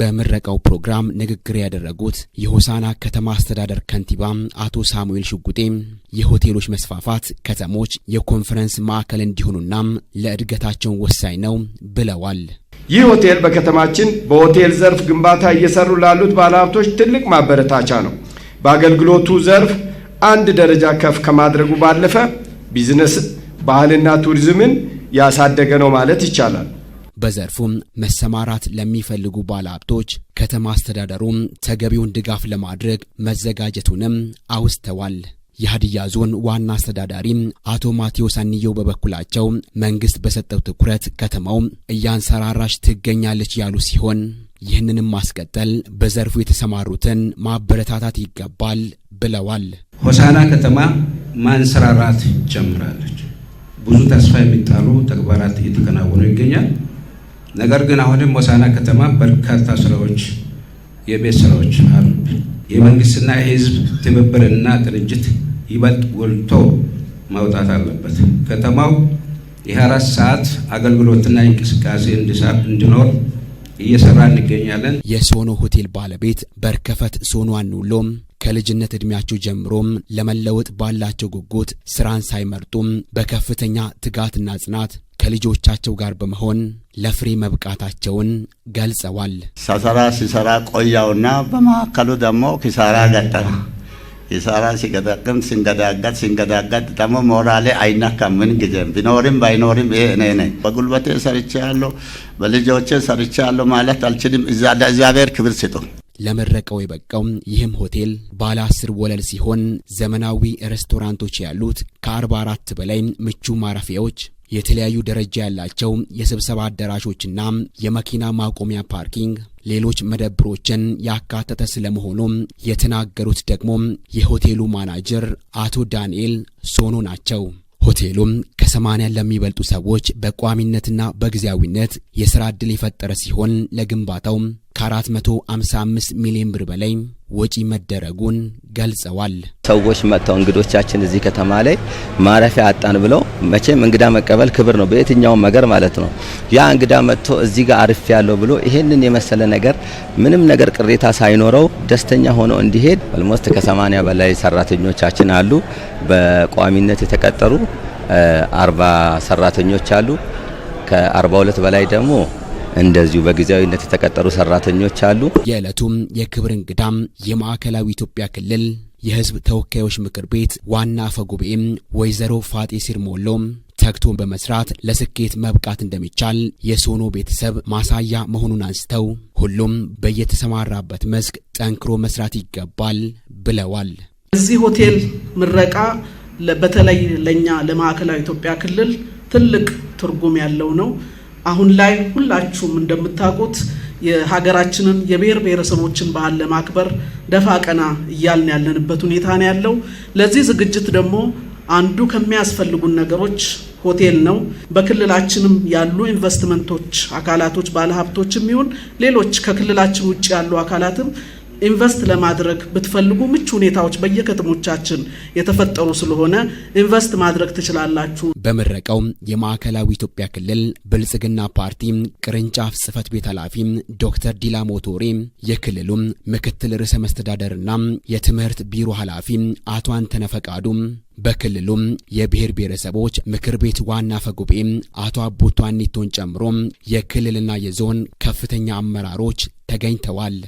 በምረቀው ፕሮግራም ንግግር ያደረጉት የሆሳና ከተማ አስተዳደር ከንቲባ አቶ ሳሙኤል ሽጉጤ የሆቴሎች መስፋፋት ከተሞች የኮንፈረንስ ማዕከል እንዲሆኑና ለእድገታቸው ወሳኝ ነው ብለዋል። ይህ ሆቴል በከተማችን በሆቴል ዘርፍ ግንባታ እየሰሩ ላሉት ባለሀብቶች ትልቅ ማበረታቻ ነው። በአገልግሎቱ ዘርፍ አንድ ደረጃ ከፍ ከማድረጉ ባለፈ ቢዝነስ፣ ባህልና ቱሪዝምን ያሳደገ ነው ማለት ይቻላል። በዘርፉም መሰማራት ለሚፈልጉ ባለሀብቶች ከተማ አስተዳደሩም ተገቢውን ድጋፍ ለማድረግ መዘጋጀቱንም አውስተዋል። የሀዲያ ዞን ዋና አስተዳዳሪ አቶ ማቴዎስ አንየው በበኩላቸው መንግስት በሰጠው ትኩረት ከተማው እያንሰራራች ትገኛለች ያሉ ሲሆን ይህንንም ማስቀጠል በዘርፉ የተሰማሩትን ማበረታታት ይገባል ብለዋል። ሆሳና ከተማ ማንሰራራት ጀምራለች። ብዙ ተስፋ የሚጣሉ ተግባራት እየተከናወኑ ይገኛል። ነገር ግን አሁንም ሞሳና ከተማ በርካታ ስራዎች፣ የቤት ስራዎች አሉ። የመንግስትና የህዝብ ትብብርና ቅንጅት ይበልጥ ጎልቶ መውጣት አለበት። ከተማው የአራት ሰዓት አገልግሎትና እንቅስቃሴ እንዲኖር እየሰራ እንገኛለን። የሶኖ ሆቴል ባለቤት በርከፈት ሶኖ አንውሎም ከልጅነት ዕድሜያቸው ጀምሮም ለመለወጥ ባላቸው ጉጉት ስራን ሳይመርጡም በከፍተኛ ትጋትና ጽናት ከልጆቻቸው ጋር በመሆን ለፍሬ መብቃታቸውን ገልጸዋል። ሰሰራ ሲሰራ ቆያውና በመካከሉ ደግሞ ኪሳራ ገጠመ። ኪሳራ ሲገጠቅም ሲንገዳገጥ ሲንገዳገጥ ደግሞ ሞራሌ አይነካም። ምን ጊዜም ቢኖርም ባይኖርም ይሄ እኔ ነኝ። በጉልበቴ ሰርቼ ያለው በልጆቼ ሰርቼ ያለው ማለት አልችልም። እግዚአብሔር ክብር ስጡ። ለመረቀው የበቃው ይህም ሆቴል ባለ አስር ወለል ሲሆን ዘመናዊ ሬስቶራንቶች ያሉት ከ44 በላይ ምቹ ማረፊያዎች የተለያዩ ደረጃ ያላቸው የስብሰባ አዳራሾችና የመኪና ማቆሚያ ፓርኪንግ ሌሎች መደብሮችን ያካተተ ስለመሆኑ የተናገሩት ደግሞ የሆቴሉ ማናጀር አቶ ዳንኤል ሶኖ ናቸው። ሆቴሉም ከሰማንያ ለሚበልጡ ሰዎች በቋሚነትና በጊዜያዊነት የሥራ ዕድል የፈጠረ ሲሆን ለግንባታው ከ455 ሚሊዮን ብር በላይ ወጪ መደረጉን ገልጸዋል። ሰዎች መጥተው እንግዶቻችን እዚህ ከተማ ላይ ማረፊያ አጣን ብለው መቼም እንግዳ መቀበል ክብር ነው፣ በየትኛውም ነገር ማለት ነው። ያ እንግዳ መጥቶ እዚህ ጋር አርፍ ያለው ብሎ ይሄንን የመሰለ ነገር ምንም ነገር ቅሬታ ሳይኖረው ደስተኛ ሆኖ እንዲሄድ አልሞስት ከ80 በላይ ሰራተኞቻችን አሉ። በቋሚነት የተቀጠሩ 40 ሰራተኞች አሉ። ከ42 በላይ ደግሞ እንደዚሁ በጊዜያዊነት የተቀጠሩ ሰራተኞች አሉ። የዕለቱም የክብር እንግዳም የማዕከላዊ ኢትዮጵያ ክልል የህዝብ ተወካዮች ምክር ቤት ዋና አፈጉባኤም ወይዘሮ ፋጤ ሲርሞሎ ተግቶን በመስራት ለስኬት መብቃት እንደሚቻል የሶኖ ቤተሰብ ማሳያ መሆኑን አንስተው ሁሉም በየተሰማራበት መስክ ጠንክሮ መስራት ይገባል ብለዋል። እዚህ ሆቴል ምረቃ በተለይ ለእኛ ለማዕከላዊ ኢትዮጵያ ክልል ትልቅ ትርጉም ያለው ነው። አሁን ላይ ሁላችሁም እንደምታውቁት የሀገራችንን የብሔር ብሔረሰቦችን ባህል ለማክበር ደፋ ቀና እያልን ያለንበት ሁኔታ ነው ያለው። ለዚህ ዝግጅት ደግሞ አንዱ ከሚያስፈልጉን ነገሮች ሆቴል ነው። በክልላችንም ያሉ ኢንቨስትመንቶች አካላቶች ባለሀብቶችም ይሁን ሌሎች ከክልላችን ውጭ ያሉ አካላትም ኢንቨስት ለማድረግ ብትፈልጉ ምቹ ሁኔታዎች በየከተሞቻችን የተፈጠሩ ስለሆነ ኢንቨስት ማድረግ ትችላላችሁ። በምረቃው የማዕከላዊ ኢትዮጵያ ክልል ብልጽግና ፓርቲ ቅርንጫፍ ጽህፈት ቤት ኃላፊ ዶክተር ዲላ ሞቶሬ፣ የክልሉ ምክትል ርዕሰ መስተዳደርና የትምህርት ቢሮ ኃላፊ አቶ አንተነ ፈቃዱ በክልሉም የብሔር ብሔረሰቦች ምክር ቤት ዋና ፈጉቤ አቶ አቦቱ ኒቶን ጨምሮ የክልልና የዞን ከፍተኛ አመራሮች ተገኝተዋል።